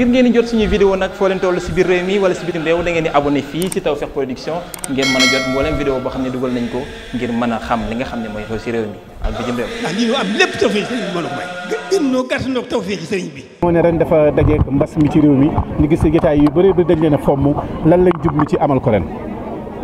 ngir ngeen di jot suñuy vidéo nag foo leen toll si biir réew mi wala si bitim réew da ngeen di abonné fii si Tawfekh Production ngeen mën a jot mboolem vidéo boo xam ne dugal nañ ko ngir mën a xam li nga xam ne mooy xew si réew mi ak bitim réew. ndax ah, lii ñu am sëriñ bi moo ne ren dafa dajeeg mbas mi ci réew mi ñu gis si jotaay yi bëri bi dañ leen a fomm lan lañ jublu ci amal ko ren.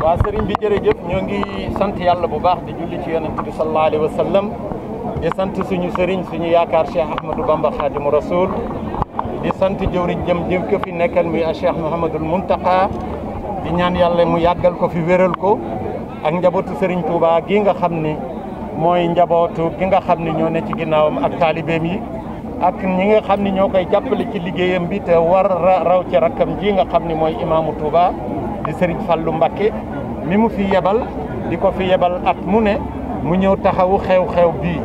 waaw sëriñ bi jërëjëf ñoo ngi sant yàlla bu baax di julli ci yonent bi sallallahu alayhi wa sallam di sant suñu sëriñ suñu di sant jëwriñ jëm jëm ko fi nekkal muy Cheikh Mouhamadul Mountakha di ñaan yàlla mu yàggal ko fi wéral ko ak njabootu sëriñ Touba gi nga xam ni mooy njabootu gi nga xam ni ñoo ne ci ginnaawam ak taalibeem yi ak ñi nga xam ni ñoo koy jàppale ci liggéeyam bi te war raw ci rakkam ji nga xam ni mooy imaamu Touba di Serigne Fallou Mbacké mi mu fi yebal di ko fi yebal at mu ne mu ñëw taxawu xew-xew bii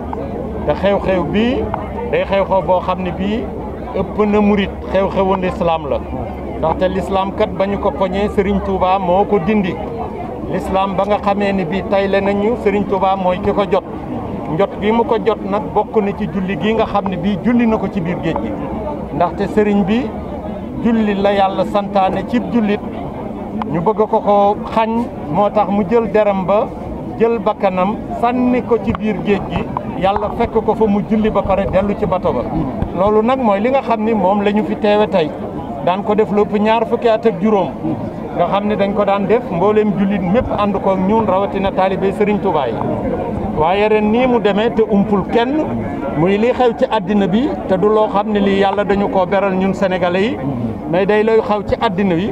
te xew-xew bii day xew-xew boo xam ne bii ëpp na murit xew-xewoon lislaam la ndaxte lislaam kat ba ñu ko poñee Serigne Touba moo ko dindi lislaam ba nga xamee ni bi tay le nañu Serigne Touba mooy ki ko jot njot bi mu ko jot nag bokk na ci julli gi nga xam ne bii julli na ko ci biir géej gi ndaxte sëriñ bi julli la yàlla santaane cib jullit ñu bëgg ko ko xañ moo tax mu jël deram ba jël bakkanam sànni ko ci biir géej gi yàlla fekk ko fa mu julli ba pare dellu ci bato ba loolu nag mooy li nga xam ni moom la ñu fi teewe tey daan ko def lépp ñaar fukki at ak juróom nga xam ne dañ ko daan def mbooleem jullit mépp ànd ko ñun rawatina taalibe Serigne Touba yi waaye ren nii mu demee te umpul kenn muy li xew ci àddina bi te du loo xam ne lii yàlla dañu koo beral ñun senegale yi mais day lay xew ci àddina bi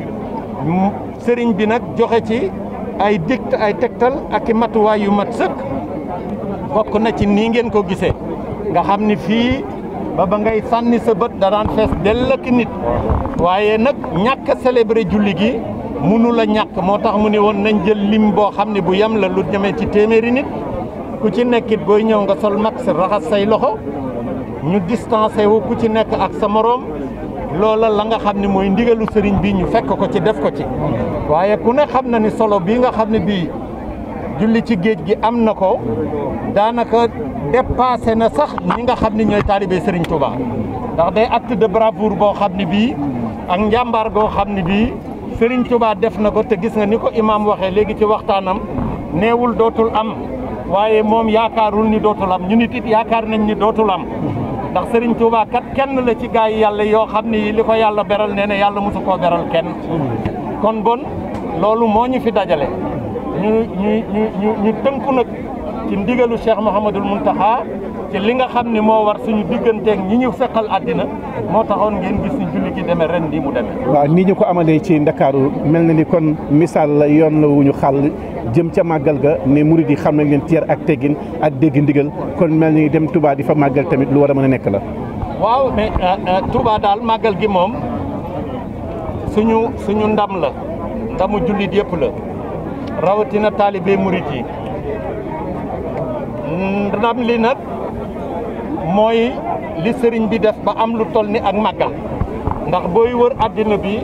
sëriñ bi nag joxe ci ay dikt ay tegtal ak i matuwaay yu mat sëkk bokk na ci nii ngeen ko gisee nga xam ni fii ba ba ngay sànni sa bët da daan fees dell ak nit waaye nag ñàkk a célébré julli gi munu la ñàkk moo tax mu ne woon nañ jël lim boo xam ne bu yem la lu demee ci téeméeri nit ku ci nekkit booy ñëw nga sol max raxas say loxo ñu distancé wu ku ci nekk ak sa moroom loolal la nga xam ne mooy ndigalu sëriñ bi ñu fekk ko ci def ko ci waaye ku ne xam na ni solo bi nga xam ne bii julli ci géej gi am na ko daanaka dépassé na sax ñi nga xam ni ñooy taalibe Serigne Touba ndax day acte de bravoure boo xam ni bii ak njàmbaar goo xam ni bii Serigne Touba def na ko te gis nga ni ko imaam waxee léegi ci waxtaanam neewul dootul am waaye moom yaakaarul ni dootul am ñu nit it yaakaar nañ ni dootul am ndax sëriñ Touba kat kenn la ci gaay yi yàlla yoo xam ni li ko yàlla beral nee na yàlla mosu koo beral kenn kon bon loolu moo ñu fi dajale. ñu ñu ñu ñu tënku nag ci ndigalu Cheikh Mouhamadul Mountakha ci li nga xam ni moo war suñu digganteeg ñi ñu seqal àddina moo taxoon ngeen gis ni julli gi demee ren nii mu demee. waaw nii ñu ko amalee ci Ndakaaru mel na ni kon misaal la yoon la wu ñu jëm ca màggal ga ne murid di xam nañ leen tier ak teggin ak dégg ndigal kon mel ni dem Touba di fa màggal tamit lu a mën a nekk la. waaw mais euh, euh, Touba daal màggal gi moom suñu suñu ndam la ndamu jullit yëpp la. rawatina taalibe murit yi ndam li nag mooy li sëriñ bi def ba am lu toll ni ak màggal ndax booy wër àddina bi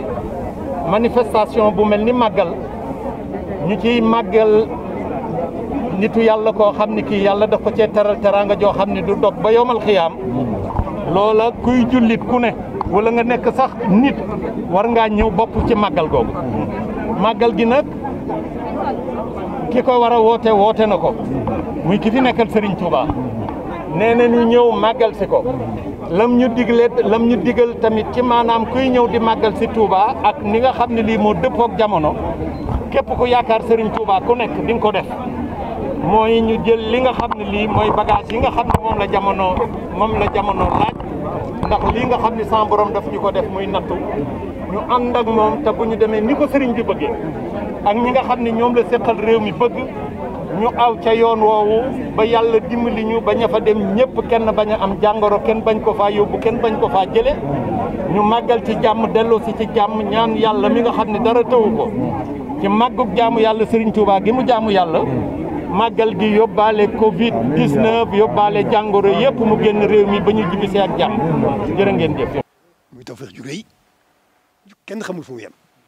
manifestation bu mel ni màggal ñu ciy màggal nitu yàlla koo xam ni kii yàlla daf ko cee teral teraanga joo xam ni du dog ba yomal xiyaam loola kuy jullit ku ne walla nga nekk sax nit war ngaa ñëw bopp ci màggal googu màggal gi nag ki ko war a woote woote na ko muy ki fi nekkal sëriñ Touba nee na ñu ñëw màggal si ko lam ñu digle lam ñu digal tamit ci maanaam kuy ñëw di màggal si Touba ak ni nga xam ne lii moo dëppook jamono képp ku yaakaar Serigne Touba ku nekk di nga ko def mooy ñu jël li nga xam ne lii mooy bagage yi nga xam ne moom la jamono moom la jamono laaj ndax lii nga xam ne sa borom daf ñu ko def muy nattu ñu ànd moom te bu ñu demee ni ko sëriñ bi ak mi nga xam ne ñoom la seqal réew mi bëgg ñu aw ca yoon woowu ba yàlla dimbali ñu ba ña fa dem ñëpp kenn bañ am jàngoro kenn bañ ko faa yóbbu kenn bañ ko fa jële ñu màggal ci jàmm delloo si ci jàmm ñaan yàlla mi nga xam ne dara tawu ko ci màggug jaamu yàlla Serigne Touba gi mu jaamu yàlla màggal gi yóbbaale Covid 19 yóbbaale jàngoro yëpp mu génn réew mi ba ñu jubisee ak jàmm jërë ngeen jëf. muy tawfeex ju